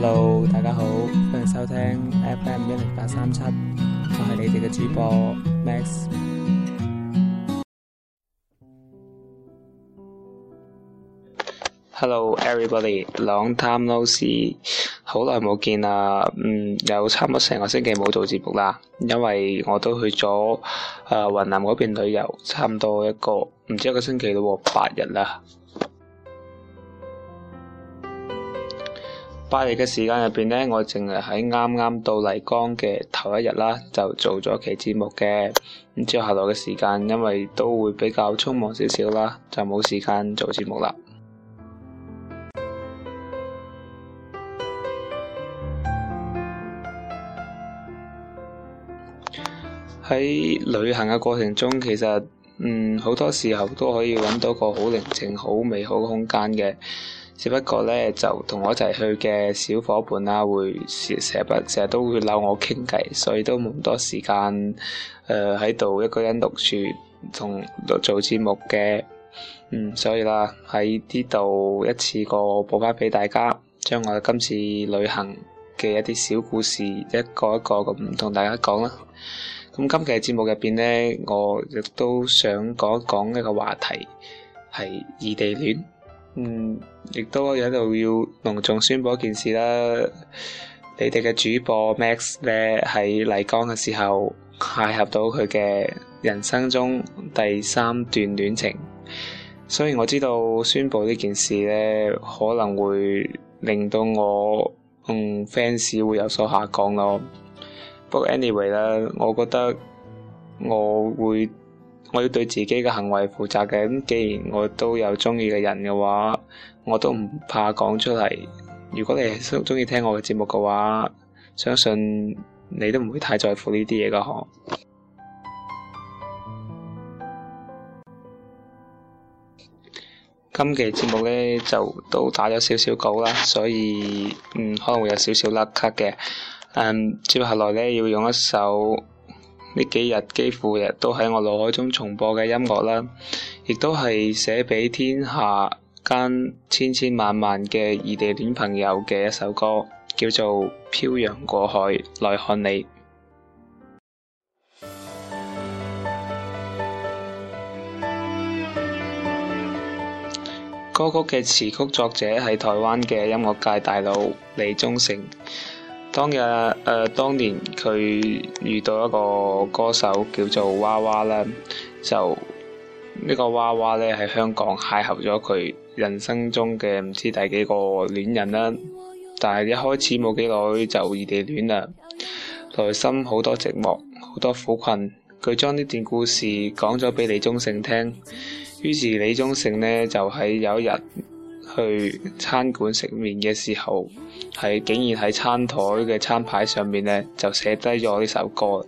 Hello，大家好，歡迎收聽 FM 一零八三七，我係你哋嘅主播 Max。Hello everybody，long time no see，好耐冇見啦，嗯，有差唔多成個星期冇做節目啦，因為我都去咗誒雲南嗰邊旅遊，差唔多一個唔知一個星期咯，八日啦。八日嘅時間入邊呢，我淨係喺啱啱到麗江嘅頭一日啦，就做咗期節目嘅。咁接下來嘅時間，因為都會比較匆忙少少啦，就冇時間做節目啦。喺 旅行嘅過程中，其實嗯好多時候都可以揾到個好寧靜、好美好嘅空間嘅。只不過咧，就同我一齊去嘅小伙伴啦、啊，會成日成日都會鬧我傾偈，所以都冇咁多時間誒喺度一個人讀書同做做節目嘅。嗯，所以啦，喺呢度一次過補翻俾大家，將我今次旅行嘅一啲小故事一個一個咁同大家講啦。咁今期嘅節目入邊咧，我亦都想講講一,一個話題係異地戀。嗯，亦都喺度要隆重宣布一件事啦。你哋嘅主播 Max 咧，喺麗江嘅時候邂逅到佢嘅人生中第三段戀情。雖然我知道宣布呢件事咧，可能會令到我嗯 fans 會有所下降咯。不過 anyway 啦，anyway, 我覺得我會。我要對自己嘅行為負責嘅，咁既然我都有中意嘅人嘅話，我都唔怕講出嚟。如果你收中意聽我嘅節目嘅話，相信你都唔會太在乎呢啲嘢嘅呵。今期節目咧就都打咗少少稿啦，所以嗯，可能會有少少甩 u 嘅。嗯，接下來咧要用一首。呢幾日幾乎日都喺我腦海中重播嘅音樂啦，亦都係寫俾天下間千千萬萬嘅異地戀朋友嘅一首歌，叫做《漂洋過海來看你》。 歌曲嘅詞曲作者係台灣嘅音樂界大佬李宗盛。當日誒、呃，當年佢遇到一個歌手叫做娃娃啦，就呢個娃娃咧喺香港邂逅咗佢人生中嘅唔知第幾個戀人啦。但係一開始冇幾耐就異地戀啦，內心好多寂寞，好多苦困。佢將呢段故事講咗俾李宗盛聽，於是李宗盛呢，就喺、是、有一日，去餐館食麵嘅時候，係竟然喺餐台嘅餐牌上面咧就寫低咗呢首歌。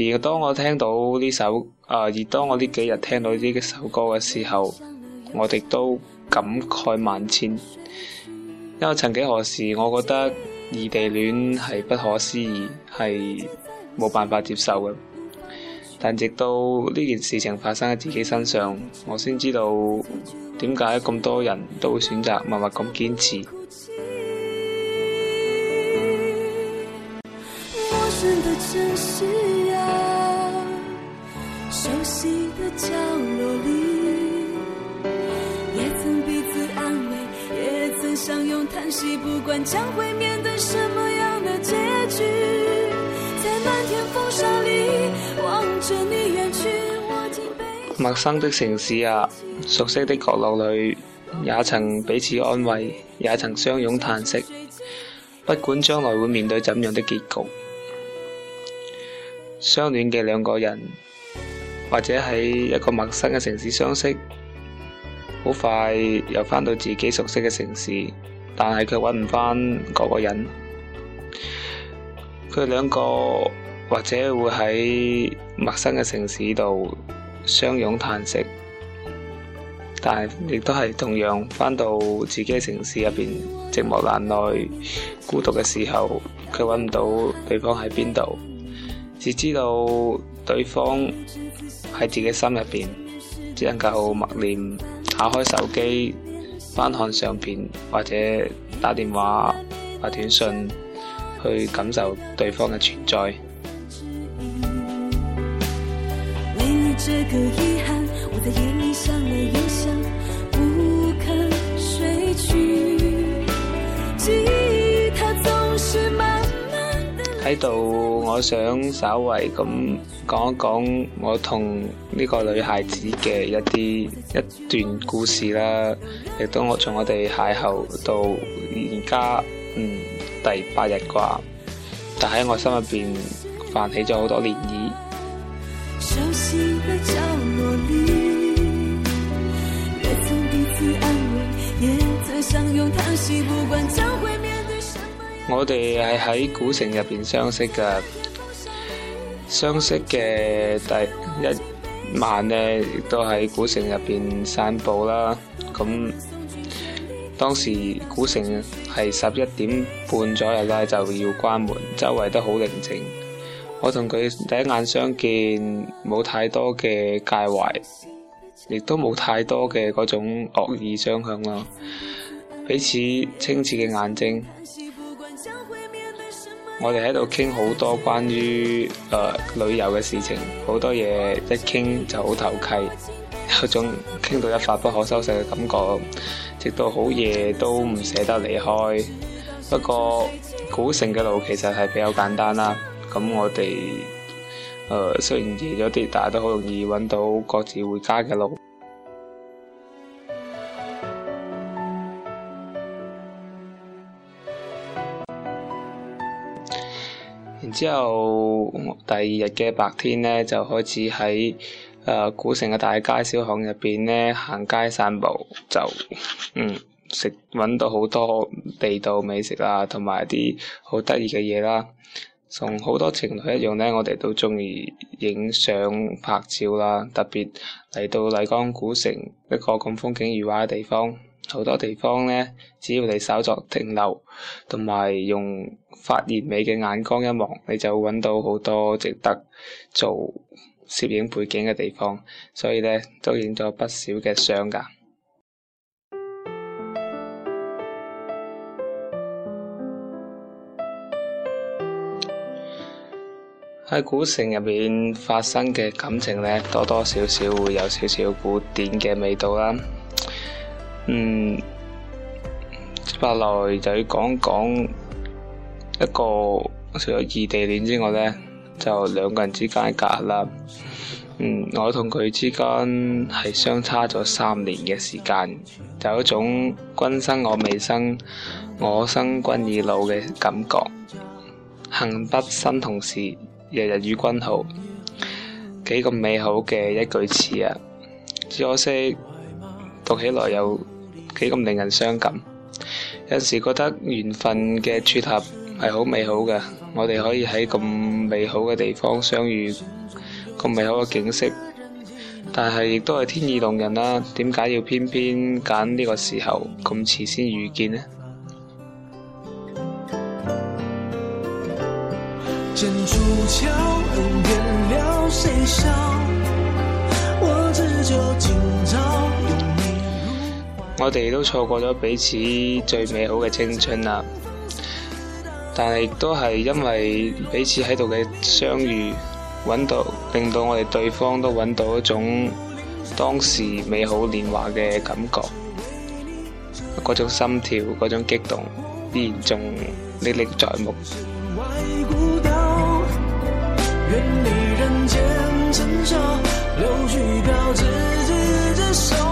而當我聽到呢首，啊、呃！而當我呢幾日聽到呢一首歌嘅時候，我哋都感慨萬千。因為曾幾何時，我覺得異地戀係不可思議，係冇辦法接受嘅。但直到呢件事情發生喺自己身上，我先知道點解咁多人都會選擇默默咁堅持。 陌生的城市啊，熟悉的角落裏，也曾彼此安慰，也曾相擁嘆息。不管將來會面對怎樣的結局，相戀嘅兩個人，或者喺一個陌生嘅城市相識，好快又翻到自己熟悉嘅城市，但係卻揾唔翻嗰個人。佢兩個或者會喺陌生嘅城市度。相擁嘆息，但係亦都係同樣翻到自己城市入邊，寂寞難耐孤獨嘅時候，佢揾唔到對方喺邊度，只知道對方喺自己心入邊，只能夠默念、打開手機翻看相片或者打電話發短信去感受對方嘅存在。喺度，我想稍微咁講一講我同呢個女孩子嘅一啲一段故事啦。亦都從我從我哋邂逅到而家，嗯，第八日啩，但喺我心入邊泛起咗好多漣漪。我哋係喺古城入邊相識噶相識嘅第一晚呢，亦都喺古城入邊散步啦。咁當時古城係十一點半左右啦，就要關門，周圍都好寧靜。我同佢第一眼相見，冇太多嘅介懷，亦都冇太多嘅嗰種惡意相向啦。彼此清澈嘅眼睛，我哋喺度傾好多關於誒、呃、旅遊嘅事情，好多嘢一傾就好投契，有種傾到一發不可收拾嘅感覺，直到好夜都唔捨得離開。不過古城嘅路其實係比較簡單啦，咁我哋誒、呃、雖然夜咗啲，但係都好容易揾到各自回家嘅路。然之後，第二日嘅白天呢，就開始喺、呃、古城嘅大街小巷入邊呢行街散步，就嗯食搵到好多地道美食啦，同埋啲好得意嘅嘢啦。同好多情侶一樣呢，我哋都鍾意影相拍照啦。特別嚟到麗江古城一個咁風景如畫嘅地方，好多地方呢，只要你稍作停留，同埋用。發現美嘅眼光一望，你就揾到好多值得做攝影背景嘅地方，所以咧都影咗不少嘅相噶。喺 古城入面發生嘅感情咧，多多少少會有少少古典嘅味道啦。嗯，接下來就要講講。一個除咗異地戀之外咧，就兩個人之間隔離。嗯，我同佢之間係相差咗三年嘅時間，有、就是、一種君生我未生，我生君已老嘅感覺。恨不生同時，日日與君好，幾咁美好嘅一句詞啊！只可惜讀起來有幾咁令人傷感。有時覺得緣分嘅撮合。係好美好嘅，我哋可以喺咁美好嘅地方相遇，咁美好嘅景色，但係亦都係天意弄人啦，啊。點解要偏偏揀呢個時候咁遲先遇見呢？珍珠橋了誰笑我哋都錯過咗彼此最美好嘅青春啦。但係都係因為彼此喺度嘅相遇，揾到令到我哋對方都揾到一種當時美好年華嘅感覺，嗰種心跳、嗰種激動，依然仲歷歷在目。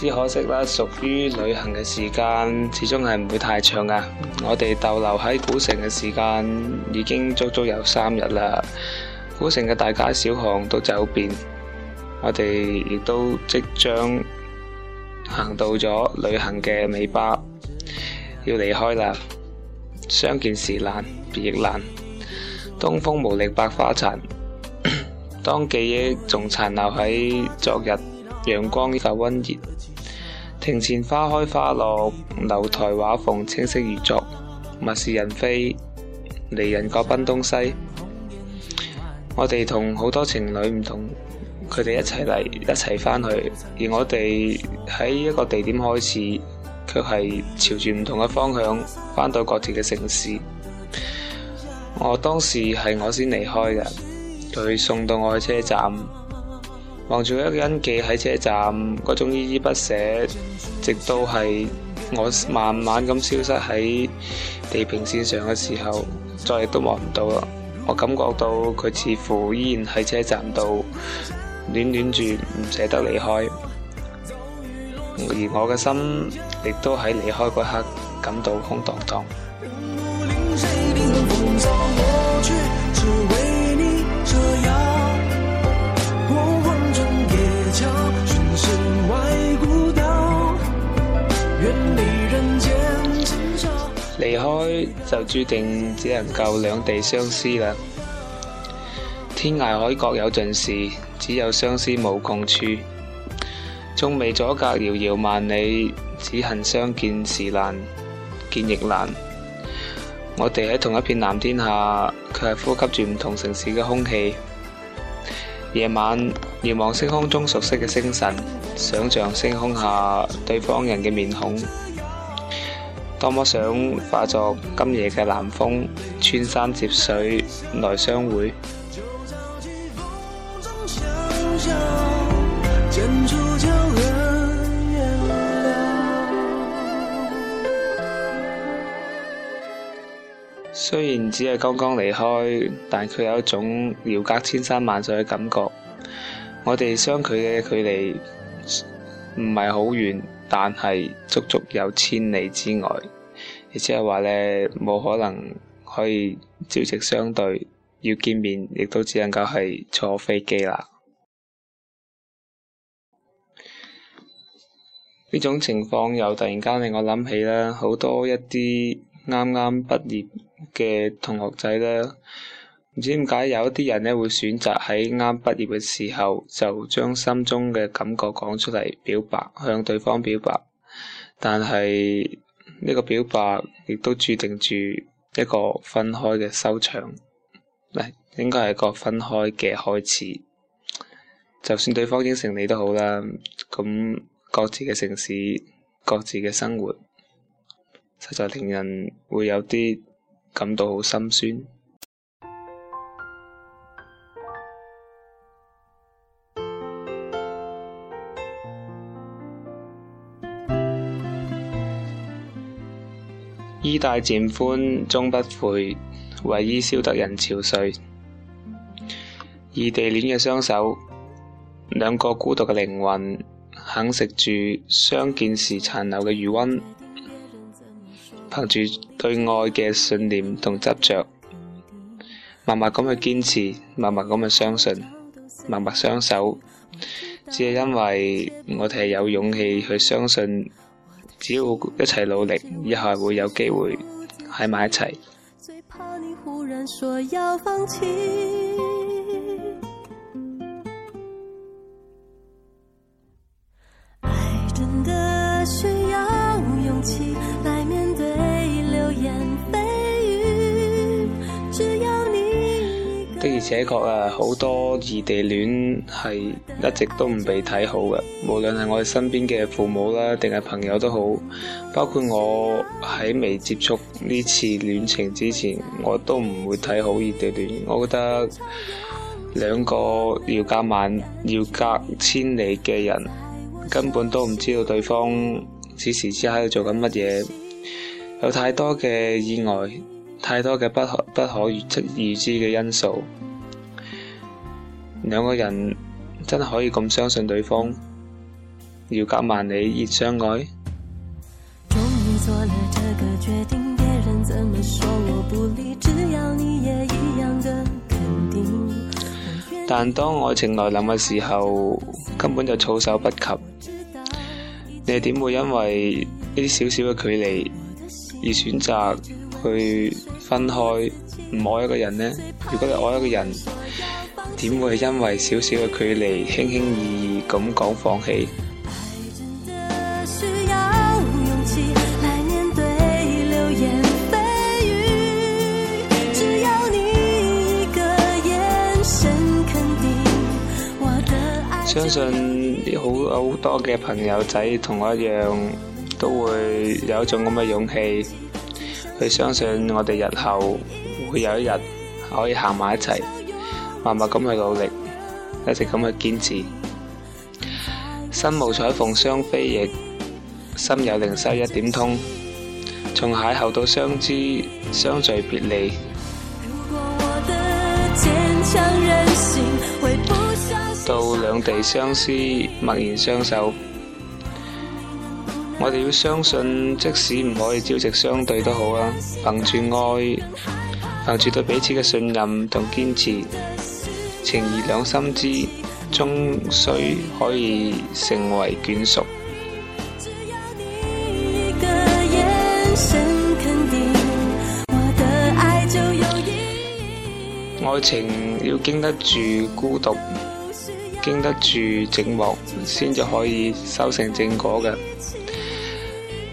只可惜啦，屬於旅行嘅時間始終係唔會太長噶。我哋逗留喺古城嘅時間已經足足有三日啦，古城嘅大街小巷都走遍，我哋亦都即將行到咗旅行嘅尾巴，要離開啦。相見時難，別亦難。東風無力百花殘。 當記憶仲殘留喺昨日陽光嘅溫熱。庭前花開花落，樓台畫鳳，清晰如昨。物是人非，離人各奔東西。我哋同好多情侶唔同，佢哋一齊嚟，一齊翻去，而我哋喺一個地點開始，卻係朝住唔同嘅方向翻到各自嘅城市。我當時係我先離開嘅，佢送到我去車站。望住一個人企喺車站嗰種依依不捨，直到係我慢慢咁消失喺地平線上嘅時候，再亦都望唔到啦。我感覺到佢似乎依然喺車站度戀戀住，唔捨得離開，而我嘅心亦都喺離開嗰刻感到空蕩蕩。 就注定只能夠兩地相思啦。天涯海角有盡時，只有相思無共處。縱未阻隔遙遙萬里，只恨相見時難，見亦難。我哋喺同一片藍天下，卻係呼吸住唔同城市嘅空氣。夜晚遙望星空中熟悉嘅星辰，想象星空下對方人嘅面孔。多麼想化作今夜嘅南風，穿山接水來相會。雖然只係剛剛離開，但佢有一種遙隔千山萬水嘅感覺。我哋相距嘅距離唔係好遠。但係足足有千里之外，亦即係話呢，冇可能可以朝夕相對，要見面，亦都只能夠係坐飛機啦。呢 種情況又突然間令我諗起啦，好多一啲啱啱畢業嘅同學仔呢。唔知點解有啲人咧，會選擇喺啱畢業嘅時候就將心中嘅感覺講出嚟表白，向對方表白，但係呢個表白亦都注定住一個分開嘅收場，嚟應該係個分開嘅開始。就算對方應承你都好啦，咁各自嘅城市，各自嘅生活，實在令人會有啲感到好心酸。帶漸寬終不悔，為伊消得人憔悴。異地戀嘅雙手，兩個孤獨嘅靈魂，啃食住相見時殘留嘅餘溫，憑住對愛嘅信念同執着，默默咁去堅持，默默咁去相信，默默相守，只係因爲我哋係有勇氣去相信。只要一齊努力，以後會有機會喺埋一齊。最怕你忽然說要要放棄。愛真的需要勇氣。的而且確啊，好多異地戀係一直都唔被睇好嘅，無論係我哋身邊嘅父母啦，定係朋友都好。包括我喺未接觸呢次戀情之前，我都唔會睇好異地戀。我覺得兩個要隔萬、要隔千里嘅人，根本都唔知道對方此時此刻喺度做緊乜嘢，有太多嘅意外。太多嘅不可不可預測預知嘅因素，兩個人真係可以咁相信對方，遙隔萬里亦相愛。終於做了這個決定，別人怎麼說我不理，只要你也一樣的肯定。但當愛情來臨嘅時候，根本就措手不及。你點會因為呢啲少少嘅距離而選擇去分開唔愛一個人呢？如果你愛一個人，點會因為少少嘅距離，輕輕易易咁講放棄？愛真的需要勇氣，來面對流言蜚語，只要你一個眼神肯定，我的相信好好多嘅朋友仔同我一樣，都會有一種咁嘅勇氣。佢相信我哋日後會有一日可以行埋一齊，默默咁去努力，一直咁去堅持。身無彩鳳雙飛翼，心有靈犀一點通。從邂逅到相知，相聚別離，到兩地相思，默然相守。我哋要相信，即使唔可以朝夕相對都好啦，憑住愛，憑住對彼此嘅信任同堅持，情義兩心知，終須可以成為眷屬。只要你一個眼神肯定，我的愛就有意義。愛情要經得住孤獨，經得住寂寞，先至可以修成正果嘅。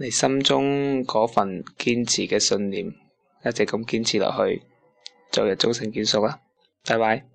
你心中嗰份堅持嘅信念，一直咁堅持落去，早日終成眷屬啦！拜拜。